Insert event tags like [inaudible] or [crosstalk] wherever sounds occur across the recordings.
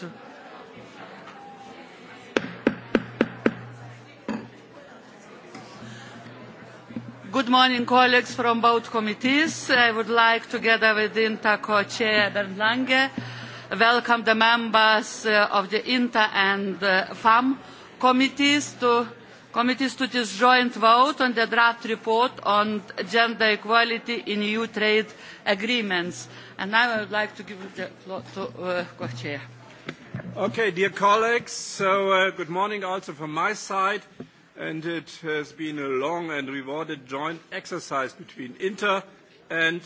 to... Good morning, colleagues from both committees. I would like, together with INTA co-chair Bernd Lange, welcome the members uh, of the INTA and uh, FAM committees to committees to this joint vote on the draft report on gender equality in EU trade agreements. And now I would like to give the floor to uh, co-chair. Okay, dear colleagues, so uh, good morning also from my side. And it has been a long and rewarded joint exercise between Inter and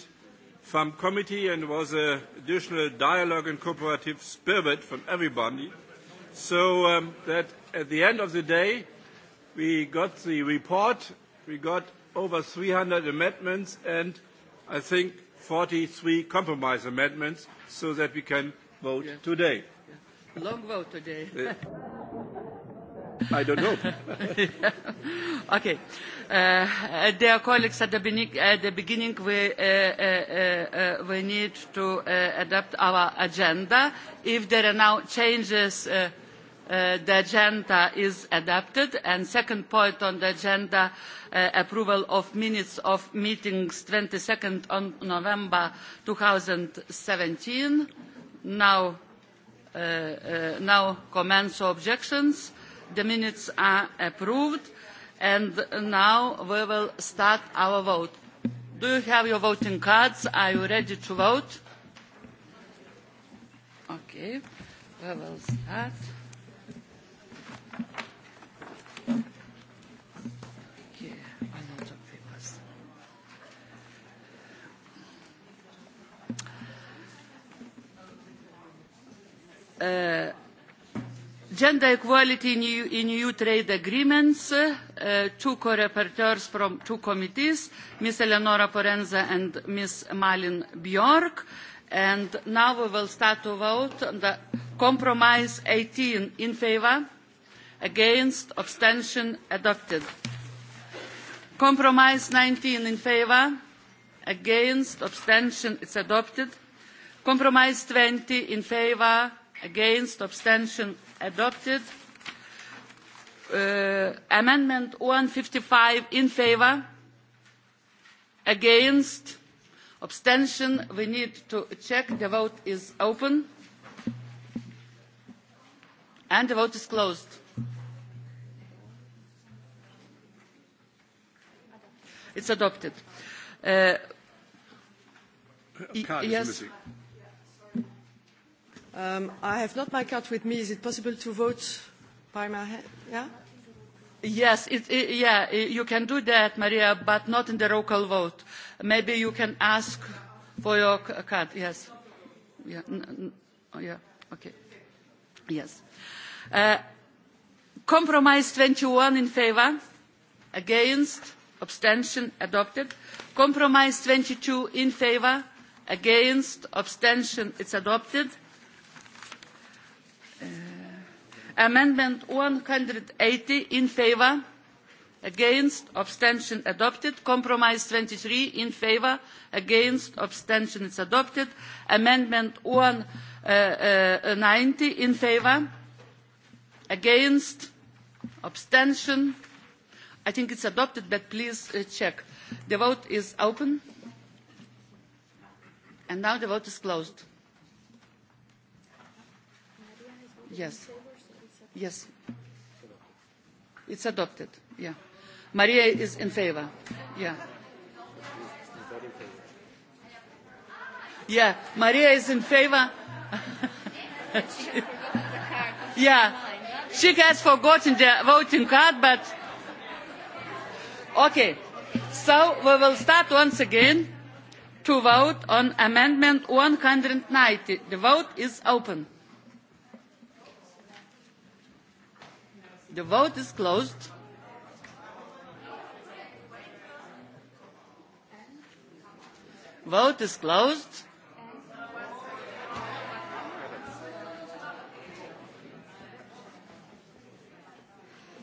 FAM Committee and was an additional dialogue and cooperative spirit from everybody. So um, that at the end of the day, we got the report, we got over 300 amendments and I think 43 compromise amendments so that we can vote yes. today. Yes. Long vote today. Eh, I don't know. [laughs] okay. Uh, uh, dear colleagues, at the, beginning, at uh, the beginning we, uh, uh, uh, uh, we need to uh, adapt our agenda. If there are now changes, uh, uh, the agenda is adapted. And second point on the agenda, uh, approval of minutes of meetings 22nd on November 2017. Now Uh, uh, now comments or objections. The minutes are approved. And now we will start our vote. Do you have your voting cards? Are you ready to vote? Okay, we will start. Uh, gender equality in EU, trade agreements, uh, two co-rapporteurs from two committees, Ms. Eleonora Forenza and Ms. Malin Bjork. And now we will start to vote on the compromise 18 in favour, against, abstention, adopted. Compromise 19 in favour, against, abstention, it's adopted. Compromise 20 in favour against abstention adopted uh, amendment 155 in favor against abstention we need to check the vote is open and the vote is closed it's adopted uh, yes Um, I have not my card with me. Is it possible to vote by my hand? Yeah? Yes, it, it, yeah, you can do that, Maria, but not in the local vote. Maybe you can ask for your card. Yes. Yeah, n n oh, yeah okay. Yes. Uh, compromise 21 in favor, against, abstention, adopted. Compromise 22 in favor, against, abstention, it's adopted amendment one hundred and eighty in favour against abstention adopted compromise twenty three in favour against abstention is adopted amendment one ninety in favour against abstention i think it's adopted but please uh, check the vote is open and now the vote is closed yes Yes. It's adopted. Yeah. Maria is in favor. Yeah. Yeah, Maria is in favor. she, [laughs] yeah, she has forgotten the voting card, but okay. So we will start once again to vote on amendment 190. The vote is open. The vote is closed. Vote is closed.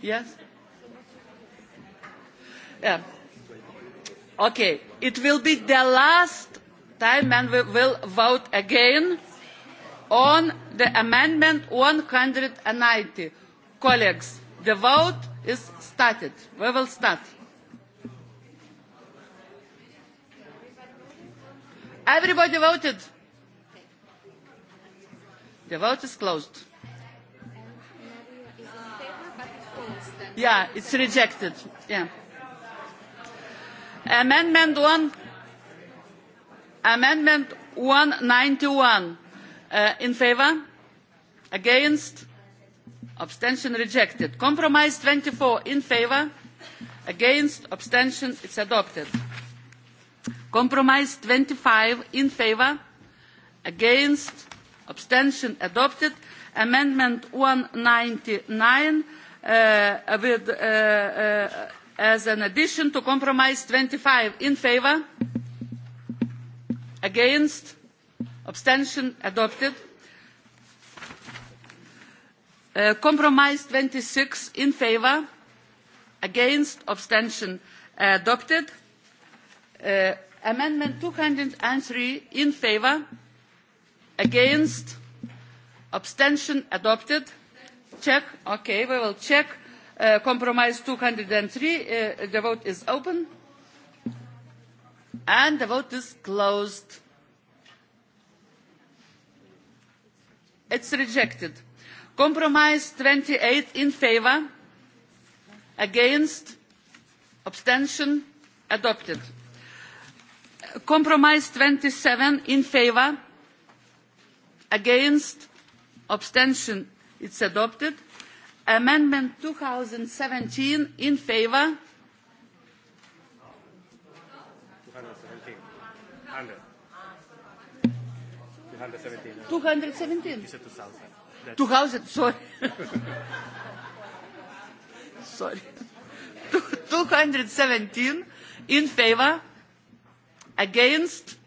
Yes. Yeah. Okay. It will be the last time and we will vote again on the amendment 190 colleagues the vote is started. we will start. everybody voted. the vote is closed. yeah it's rejected. yeah. amendment one amendment one ninety uh, in favour against abstention rejected compromise twenty four in favour against abstention it is adopted compromise twenty five in favour against abstention adopted amendment 199 uh, with uh, uh, as an addition to compromise twenty five in favour against abstention adopted Uh, compromise 26 in favour against abstention adopted uh, amendment 203 in favour against abstention adopted check okay we will check uh, compromise 203 uh, the vote is open and the vote is closed it's rejected compromise twenty eight in favour against abstention adopted compromise twenty seven in favour against abstention it's adopted amendment two thousand and seventeen in favour 2000, sorry. sorry. 217 in favor, against,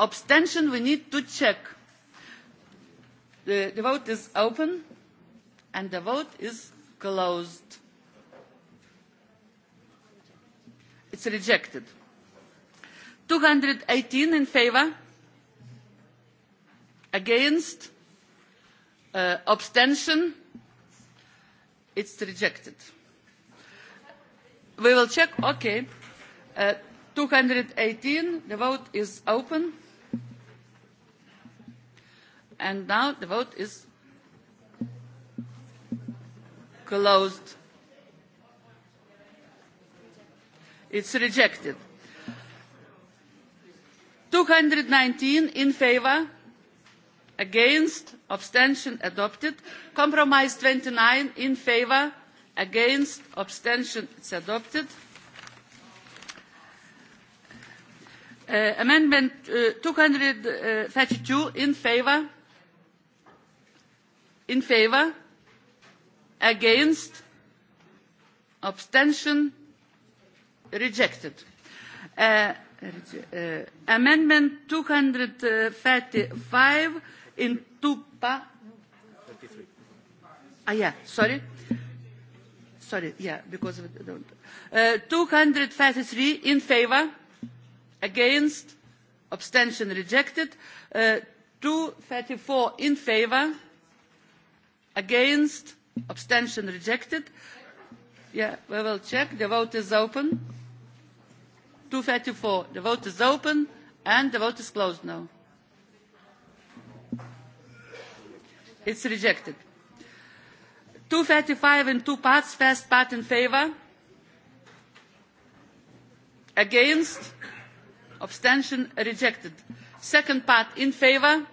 abstention, we need to check. The, the vote is open and the vote is closed. It's rejected. 218 in favor, against, Uh, abstention? It's rejected. We will check. Okay. Uh, 218. The vote is open. And now the vote is closed. It's rejected. 219 in favor against abstention adopted compromise 29 in favour, against abstention it's adopted uh, uh, hundred amendment thirty 232 in favour, in favour, against abstention rejected uh, hundred and amendment 235 in two Ah, yeah, sorry. Sorry, yeah, because of the, uh, 253 in favor, against, abstention rejected. Uh, 234 in favor, against, abstention rejected. Yeah, we will check. The vote is open. 234. The vote is open and the vote is closed now. It's rejected. two thirty five and two parts, first part in favor. Against, abstention rejected. Second part in favor.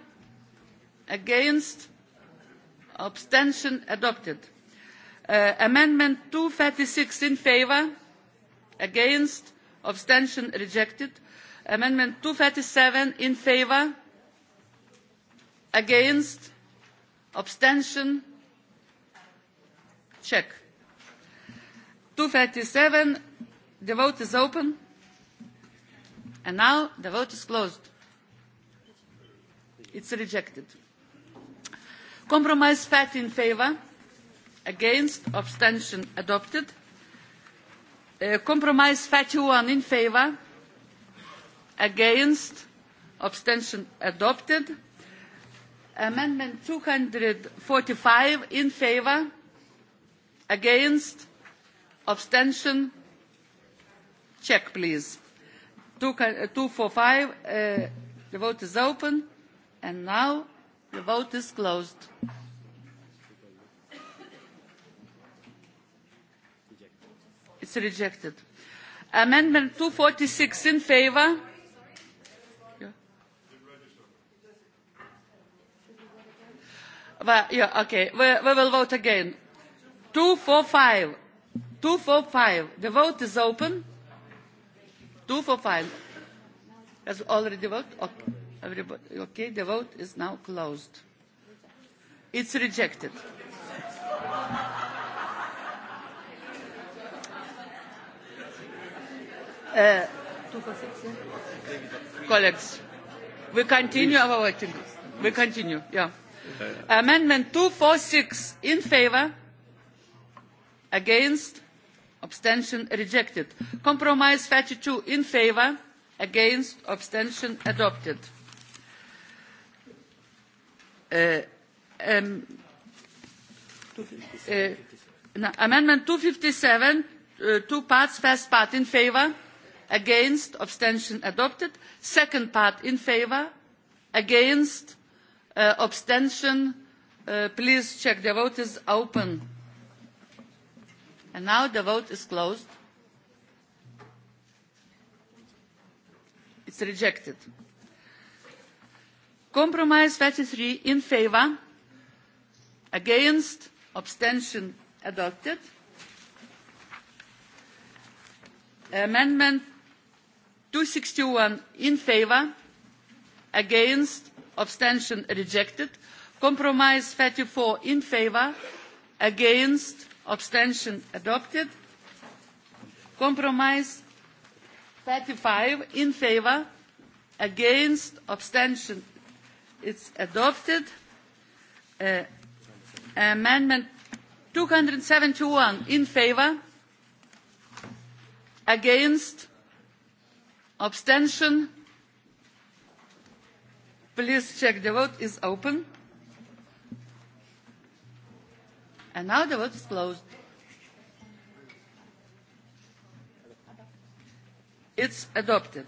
Against, abstention adopted. Uh, amendment two thirty six in favor. Against, abstention rejected. Amendment two thirty seven in favor. Against, abstention check two thirty seven the vote is open and now the vote is closed it's rejected compromise pact in favour against abstention adopted uh, compromise fatty one in favour against abstention adopted amendment 245 in favour, against abstention check please 245 uh, five uh, the vote is open and now the vote is closed it's rejected amendment 246 in favour. Well, yeah, okay. We, we will vote again. 245. 245. The vote is open. 245. Has already voted? Okay. Everybody, okay, the vote is now closed. It's rejected. Uh, colleagues, we continue our voting. We continue, yeah amendment two forty six in favour against abstention rejected compromise thirty two in favour against abstention adopted uh, um, uh, no, amendment two hundred and amendment fifty seven uh, two parts first part in favour against abstention adopted second part in favour against Uh, abstention uh, please check the vote is open and now the vote is closed it's rejected compromise thirty three in favour against abstention adopted amendment two hundred and sixty one in favour against abstention rejected compromise thirty four in favour against abstention adopted compromise thirty five in favour against abstention it's adopted uh, amendment two hundred and seventy one in favour against abstention Please check the vote is open. And now the vote is closed. It's adopted.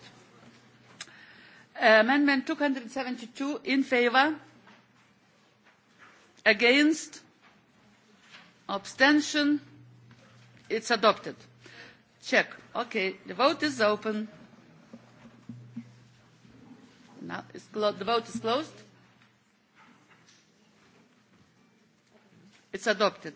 Amendment 272 in favor, against, abstention. It's adopted. Check. Okay, the vote is open. Now is the vote is closed. It's adopted.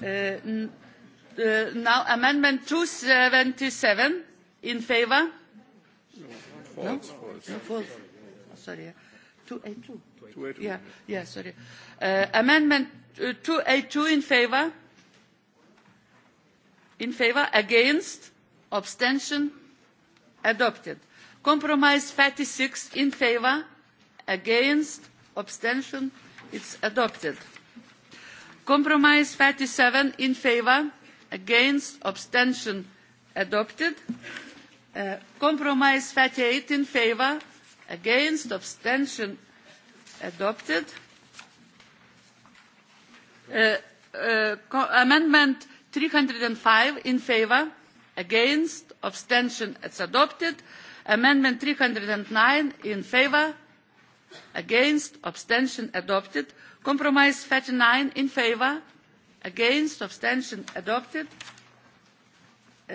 Uh, now, uh, uh, now amendment 277 in favor? No, false. No? false. No, false. Oh, sorry. 282. 282. Yeah, yeah, sorry. Uh, amendment uh, 282 in favor? In favor? Against? abstention adopted compromise fifty six in favour against abstention is adopted compromise fifty seven in favour against abstention adopted uh, compromise fifty eight in favour against abstention adopted uh, uh, amendment three hundred and five in favour against abstention it's adopted amendment 309 in favor against abstention adopted compromise 39 in favor against abstention adopted uh,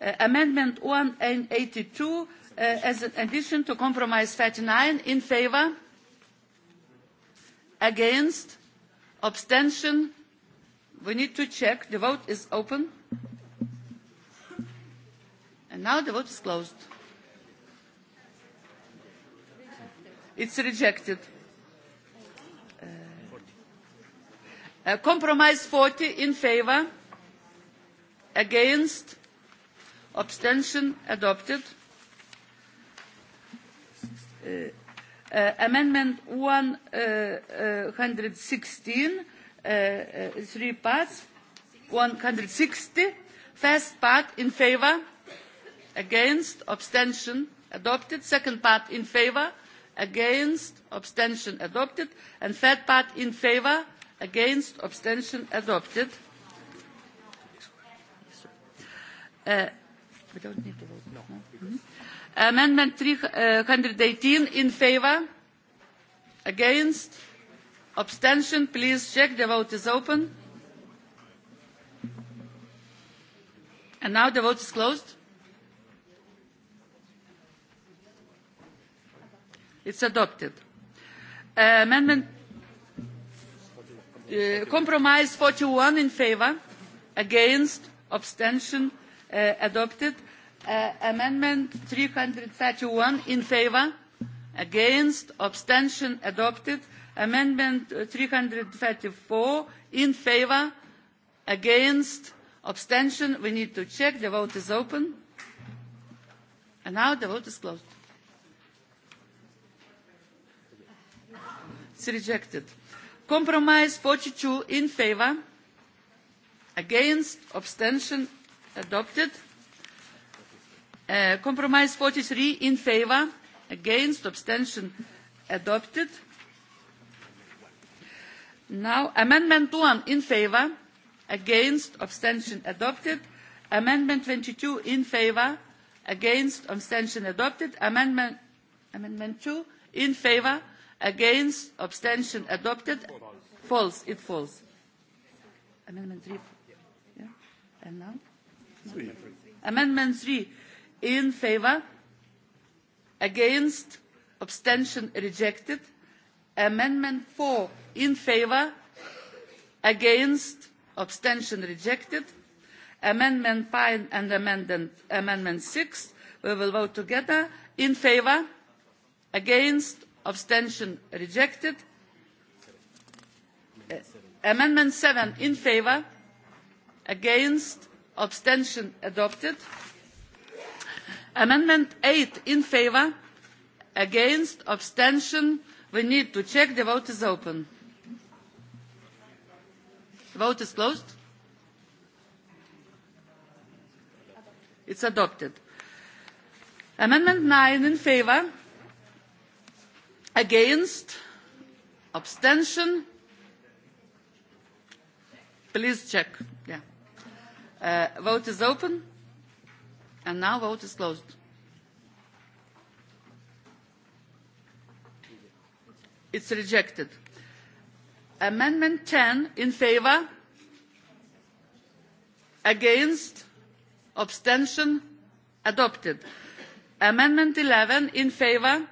uh, amendment 182 uh, as an addition to compromise 39 in favor against abstention we need to check the vote is open And now the vote is closed. It's rejected. Uh, uh, compromise 40 in favor, against, abstention adopted. Uh, uh, amendment 116, uh uh, uh, uh, three parts, 160, first part in favor, against abstention adopted second part in favour against abstention adopted and third part in favour against abstention adopted uh, no. mm-hmm. amendment three hundred and eighteen in favour against abstention please check the vote is open and now the vote is closed It's adopted. amendment uh, compromise forty one in favour uh, uh, against, abstention, adopted amendment three hundred and thirty one in favour against, abstention, adopted. Amendment three hundred and thirty four in favour against, abstention. We need to check. The vote is open. And now the vote is closed. it's rejected. compromise forty two in favour against abstention adopted. Uh, compromise forty three in favour against abstention adopted. now amendment one in favour against abstention adopted. amendment twenty two in favour against abstention adopted. amendment, amendment two in favour against abstention adopted false it falls amendment 3 yeah. and now three. amendment 3 in favor against abstention rejected amendment 4 in favor against abstention rejected amendment 5 and amendment, amendment 6 we will vote together in favor against abstention rejected uh, amendment seven in favour against abstention adopted amendment eight in favour against abstention we need to check the vote is open the vote is closed it's adopted amendment nine in favour against abstention please check yeah uh, vote is open and now vote is closed it's rejected amendment 10 in favor against abstention adopted amendment 11 in favor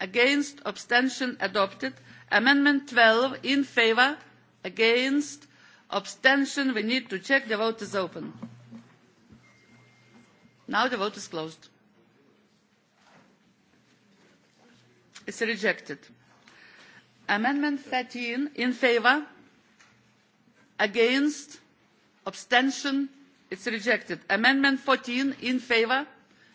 against abstention adopted amendment twelve in favour against abstention we need to check the vote is open now the vote is closed it's rejected amendment thirteen in favour against abstention it's rejected amendment fourteen in favour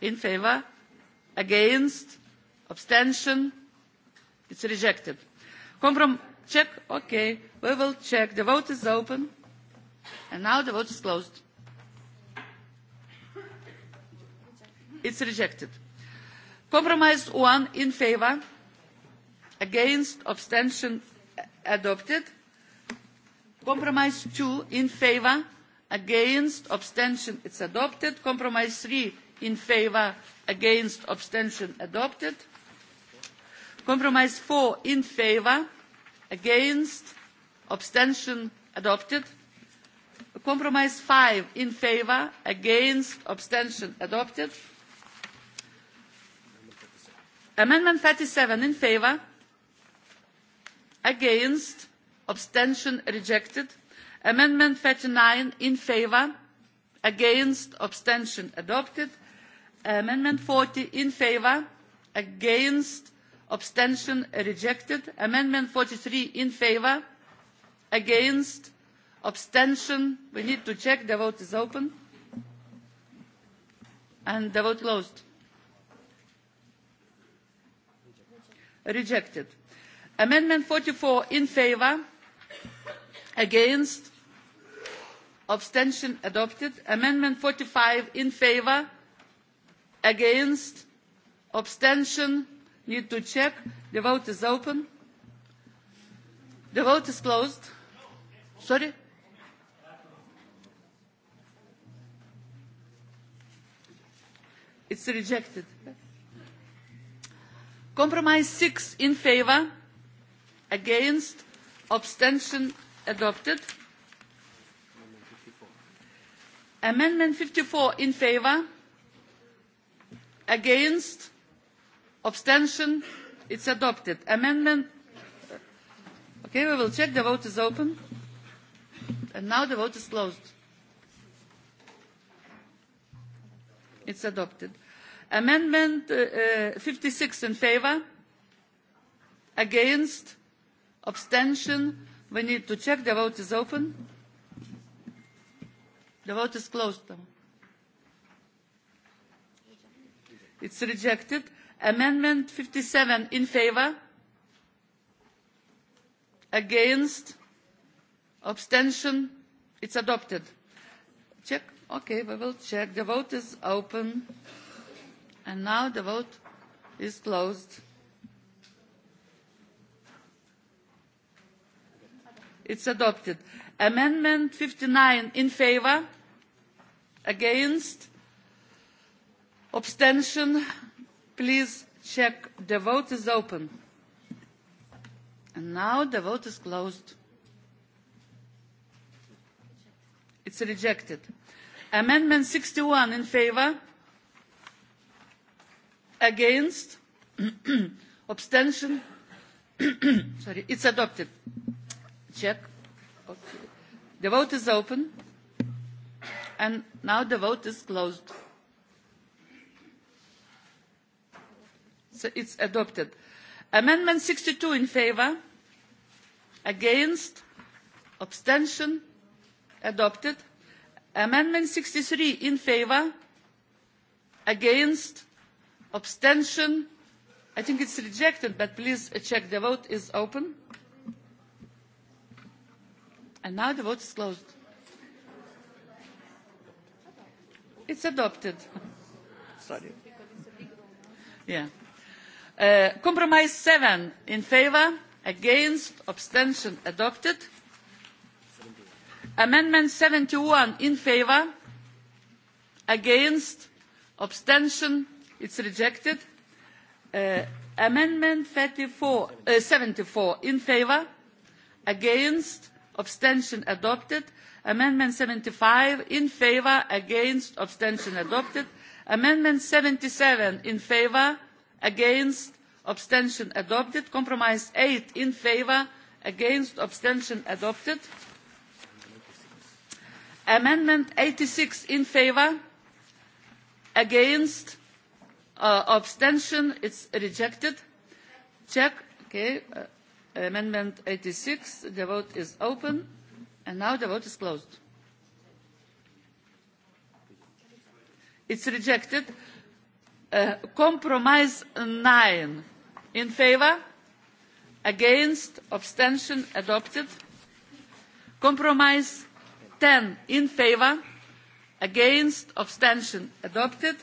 in favour against abstention it's rejected check okay we will check the vote is open and now the vote is closed it's rejected compromise one in favour against abstention adopted compromise two in favour against abstention it's adopted compromise three in favour against abstention adopted compromise four in favour against abstention adopted compromise five in favour against abstention adopted amendment thirty seven in favour against abstention rejected amendment thirty nine in favour against abstention adopted amendment forty in favour against abstention rejected amendment forty three in favour against abstention we need to check the vote is open and the vote closed rejected amendment forty four in favour against abstention adopted amendment forty five in favour against abstention need to check the vote is open the vote is closed sorry it's rejected compromise six in favour against abstention adopted amendment fifty four in favour against abstention it's adopted amendment okay we will check the vote is open and now the vote is closed it's adopted amendment uh, 56 uh, in favour. against abstention we need to check the vote is open the vote is closed now it's rejected amendment fifty seven in favour against abstention it's adopted check okay we will check the vote is open and now the vote is closed it's adopted amendment fifty nine in favour against abstention please check the vote is open and now the vote is closed it's rejected amendment 61 in favor against [clears throat] abstention [clears throat] sorry it's adopted check okay. the vote is open and now the vote is closed it's adopted. amendment sixty two in favour against abstention adopted. amendment sixty three in favour against abstention i think it's rejected but please check the vote is open and now the vote is closed it's adopted sorry yeah Uh, compromise seven in favour against abstention adopted amendment seventy one in favour against abstention it is rejected uh, amendment seventy four uh, in favour against abstention adopted amendment seventy five in favour against abstention adopted amendment seventy seven in favour against abstention adopted compromise eight in favour against abstention adopted amendment eighty six in favour against uh, abstention it's rejected check okay uh, amendment eighty six the vote is open and now the vote is closed it is rejected Uh, compromise nine in favour against abstention adopted compromise ten in favour against abstention adopted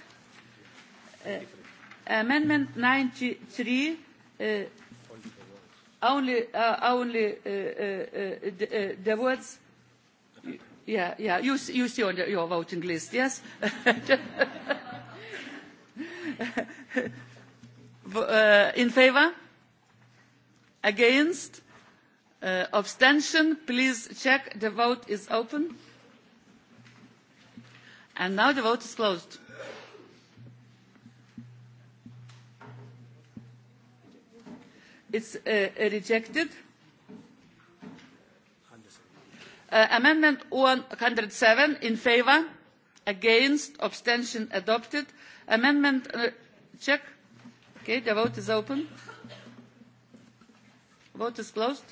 eh, amendment ninety three eh, uh, only only the, the words yeah yeah you, see on your voting list yes [laughs] [laughs] Eh, in favour? Against? Uh, abstention? Please check. The vote is open. And now the vote is closed. It's uh, rejected. Uh, amendment one hundred and seven in favour against abstention adopted Amendment, uh, check. Okay, the vote is open. Vote is closed.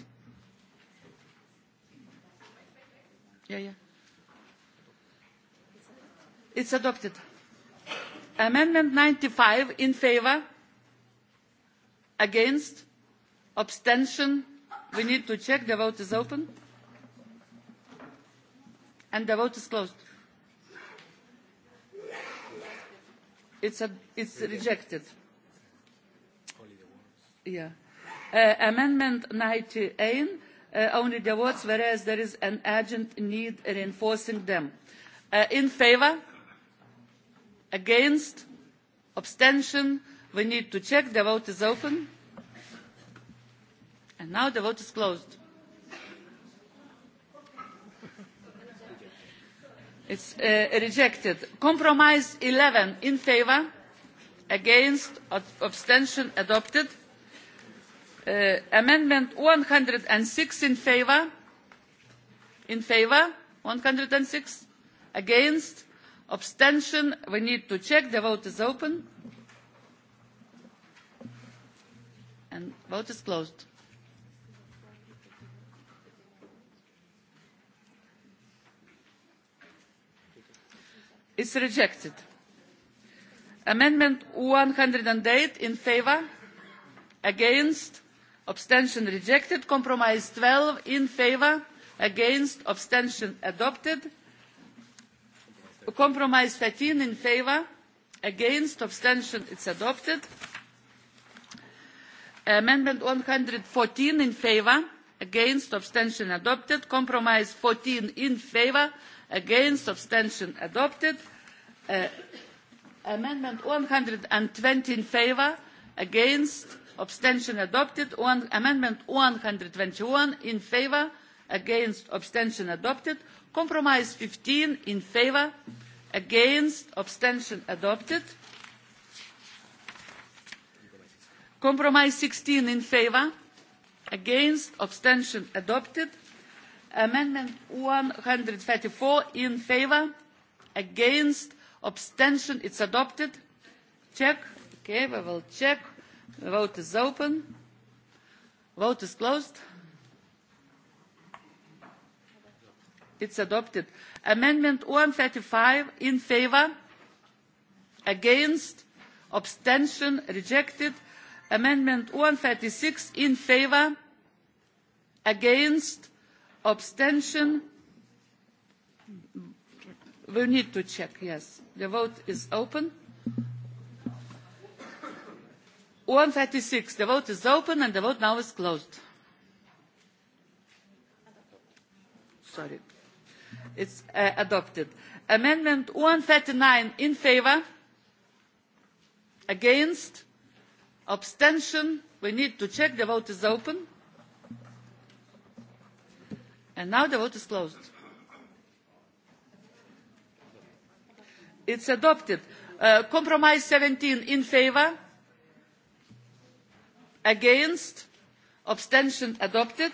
Yeah, yeah. It's adopted. Amendment 95 in favor, against, abstention. We need to check. The vote is open. And the vote is closed. It's, rejected. Yeah. Uh, amendment 98, uh, only the words, whereas there is an urgent need reinforcing them. Uh, in favour? Against? Abstention? We need to check. The vote is open. And now the vote is closed it's uh, rejected compromise 11 in favor against abstention adopted uh, amendment 106 in favor in favor 106 against abstention we need to check the vote is open and vote is closed is rejected. amendment one hundred and eight in favour against abstention rejected compromise twelve in favour against abstention adopted compromise thirteen in favour against abstention it's adopted amendment one hundred and fourteen in favour against abstention adopted compromise fourteen in favour against abstention adopted uh, amendment one hundred and twenty in favour against abstention adopted amendment one hundred and twenty one in favour against abstention adopted compromise fifteen in favour against abstention adopted compromise sixteen in favour against abstention adopted amendment one hundred and thirty four in favour against abstention it's adopted check okay we will check the vote is open vote is closed it's adopted amendment one hundred and thirty five in favour against abstention rejected amendment one hundred and thirty six in favour against abstention we need to check yes the vote is open one thirty six the vote is open and the vote now is closed sorry it's uh, adopted amendment one thirty nine in favour against abstention we need to check the vote is open And now the vote is closed. It's adopted. Uh, compromise 17 in favor, against, abstention adopted.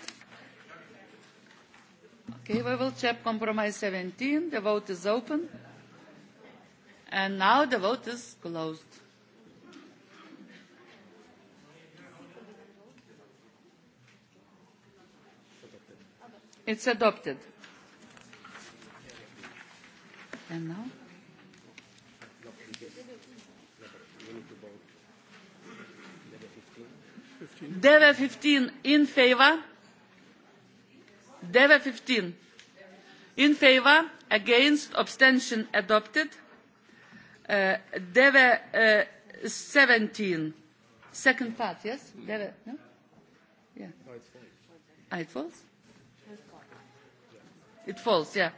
Okay, we will check compromise 17. The vote is open. And now the vote is closed. It's adopted. And now? Deve 15 in favor. Deve 15 in favor, against, abstention adopted. Uh, Deve uh, 17, second part, yes? Deve, no? Yeah. No, it's false. Ah, it's false? It falls, yeah.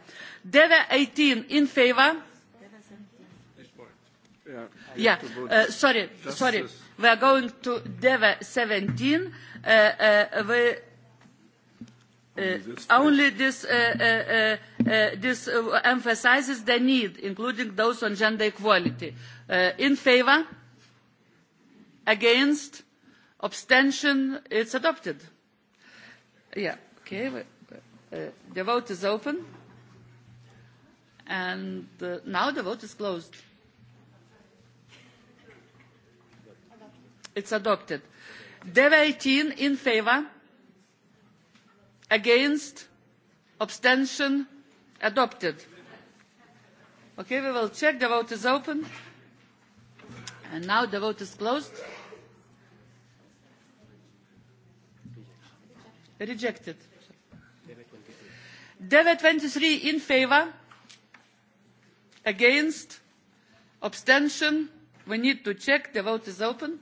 Deve 18 in favor. Yeah, yeah. Uh, sorry, Justice. sorry. We are going to Deve 17. Uh, uh, we, Uh, only this, uh, uh, uh, uh, this uh, emphasizes the need, including those on gender equality. Uh, in favor? Against? Abstention? It's adopted. Yeah, okay. Uh, the vote is open. And uh, now the vote is closed. It's adopted. 18 in favor, against, abstention, adopted. Okay, we will check. The vote is open. And now the vote is closed. Rejected DV23 in favor, against, abstention. We need to check. The vote is open.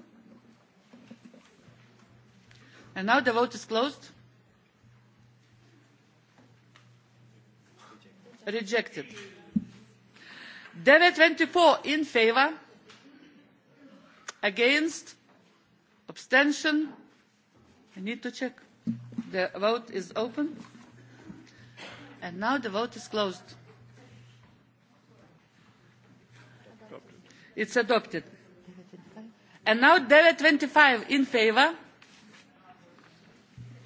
And now the vote is closed. Rejected. DV24 in favor, against, abstention. I need to check. The vote is open. And now the vote is closed. It's adopted. And now DEVE 25 in favor,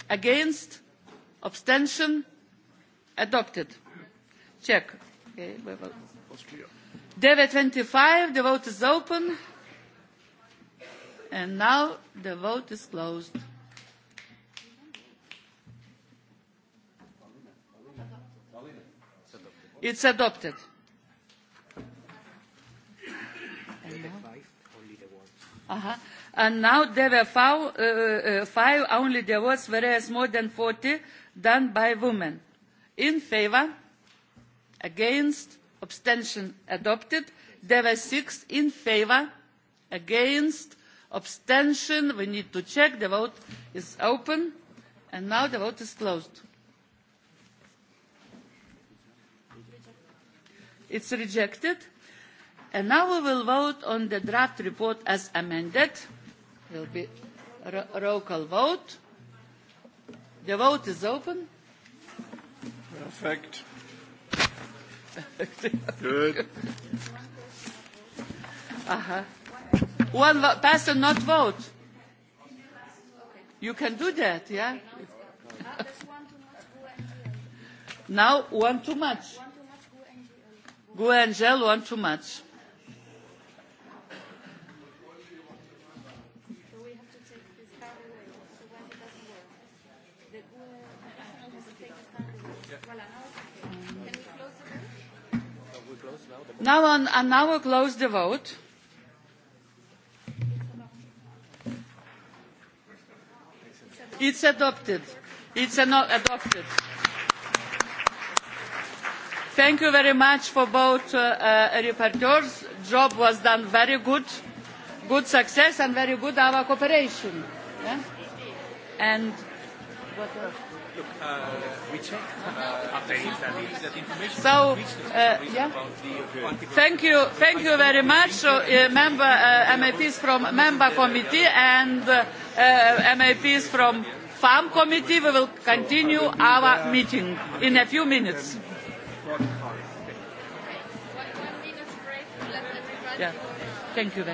against, abstention, adopted. Check. Okay, we will. DEVE 25, the vote is open. And now the vote is closed. It's adopted. And now, uh -huh. and now there were five, uh, uh, five only there was, whereas more than 40 done by women. In favor, against, abstention adopted. There were six in favor, against, abstention. We need to check. The vote is open. And now the vote is closed. It's rejected. And now we will vote on the draft report as amended. Will be roll call vote. The vote is open. Perfect. [laughs] Good. Uh-huh. One person not vote. You can do that, yeah? Now one too much. Gue and too much. Now on, and now we'll close the vote. It's adopted. It's adopted. Thank you very much for both uh, uh, reporters. Job was done very good, good success and very good our cooperation. Yeah? And what else? Look, uh, we checked uh, after that, that information. So, uh, yeah. Uh, thank you, thank you very much, so, uh, member uh, MAPs from member committee and uh, uh, MAPs from farm committee. We will continue our meeting in a few minutes. Yeah. Thank you very